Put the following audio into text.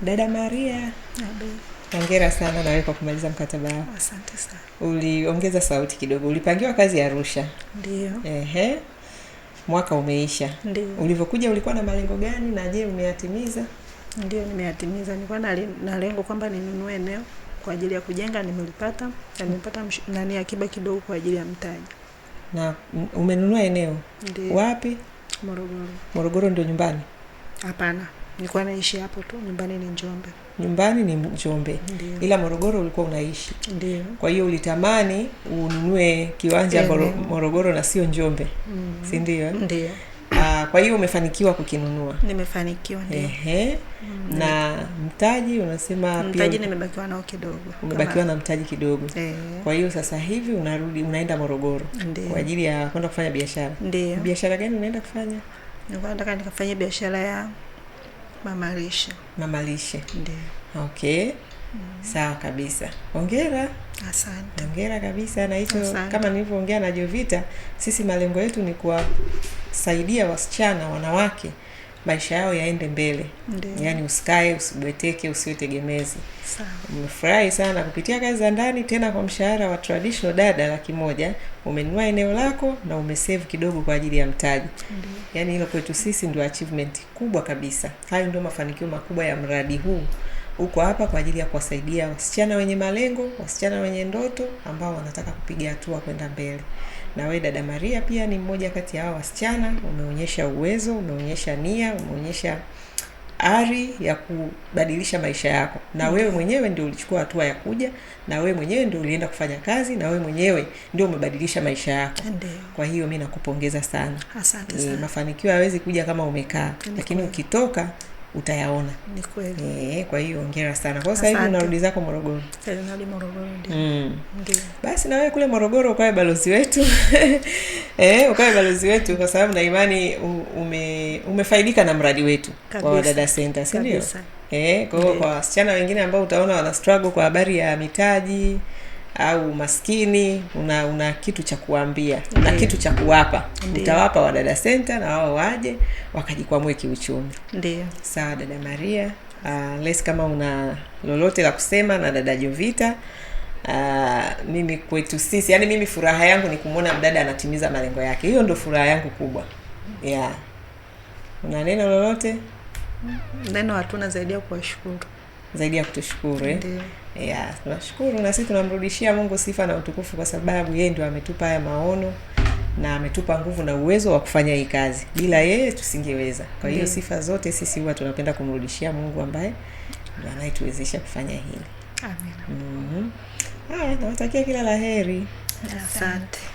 Dada Maria, hongera sana nawe kwa kumaliza mkataba wako. Asante sana. Uliongeza sauti kidogo. Ulipangiwa kazi ya Arusha? Ndio. Ehe, mwaka umeisha. Ndio. Ulivyokuja ulikuwa na malengo gani, na je, umeyatimiza? Ndio, nimeyatimiza. Nilikuwa na lengo kwamba ninunue eneo kwa ajili ya kujenga, nimelipata na nimepata nani akiba kidogo kwa ajili ya mtaji. Na umenunua eneo? Ndio. Wapi? Morogoro. Morogoro ndio nyumbani? Hapana, nilikuwa naishi hapo tu nyumbani ni njombe nyumbani ni njombe Ndiyo. ila morogoro ulikuwa unaishi Ndiyo. kwa hiyo ulitamani ununue kiwanja Ndiyo. morogoro na sio njombe mm. Mm-hmm. sindio Ndiyo. Uh, ah, kwa hiyo umefanikiwa kukinunua nimefanikiwa Ehe. Mm. na mtaji unasema mtaji nimebakiwa nao kidogo umebakiwa na mtaji kidogo Ehe. kwa hiyo sasa hivi unarudi unaenda morogoro Ndiyo. kwa ajili ya kwenda kufanya biashara biashara gani unaenda kufanya nataka nikafanya biashara ya mamalishe mamalishe ndio. Okay. Mm. Sawa kabisa. ongera Asante. ongera kabisa na hicho kama nilivyoongea na Jovita, sisi malengo yetu ni kuwasaidia wasichana, wanawake maisha yao yaende mbele. Yaani usikae, usibweteke, usiotegemezi Umefurahi sana kupitia kazi za ndani, tena kwa mshahara wa traditional dada laki moja, umenunua eneo lako na umesave kidogo kwa ajili ya mtaji. Yaani hilo kwetu sisi ndio achievement kubwa kabisa. Hayo ndio mafanikio makubwa ya mradi huu uko hapa kwa ajili ya kuwasaidia wasichana wenye malengo, wasichana wenye ndoto ambao wanataka kupiga hatua kwenda mbele. Na wewe dada Maria pia ni mmoja kati ya hao wasichana. Umeonyesha uwezo, umeonyesha nia, umeonyesha ari ya kubadilisha maisha yako, na mm. wewe mwenyewe ndio ulichukua hatua ya kuja, na wewe mwenyewe ndio ulienda kufanya kazi, na wewe mwenyewe ndio umebadilisha maisha yako. Kwa hiyo mi nakupongeza sana. Asante eh, sana. E, mafanikio hawezi kuja kama umekaa, lakini ukitoka utayaona. Ni kweli. Eh, kwa hiyo hongera sana. Kwa sasa hivi unarudi zako Morogoro. Sasa narudi Morogoro ndio. Mm. Ndio. Basi na wewe kule Morogoro ukawe balozi wetu. eh, ukawe balozi wetu kwa sababu na imani ume, umefaidika na mradi wetu kabisa, Wadada Center, si ndio? Eh, kwa hiyo kwa wasichana wengine ambao utaona wana struggle kwa habari ya mitaji au maskini, una una kitu cha kuambia, una kitu cha kuwapa. nitawapa Wadada senta na wao waje wakajikwamue kiuchumi. Ndio sawa, dada Maria. Uh, ah, les kama una lolote la kusema na dada Jovita. Uh, mimi kwetu sisi, yani mimi furaha yangu ni kumwona mdada anatimiza malengo yake. Hiyo ndo furaha yangu kubwa yeah. Una neno lolote? Neno hatuna zaidi ya kuwashukuru zaidi ya kutushukuru eh? tunashukuru na sisi tunamrudishia Mungu sifa na utukufu kwa sababu yeye ndio ametupa haya maono na ametupa nguvu na uwezo wa kufanya hii kazi. Bila yeye tusingeweza. Kwa hiyo sifa zote sisi huwa tunapenda kumrudishia Mungu ambaye ndio anayetuwezesha kufanya hili. Mm -hmm. Haya, nawatakia kila la heri. Asante.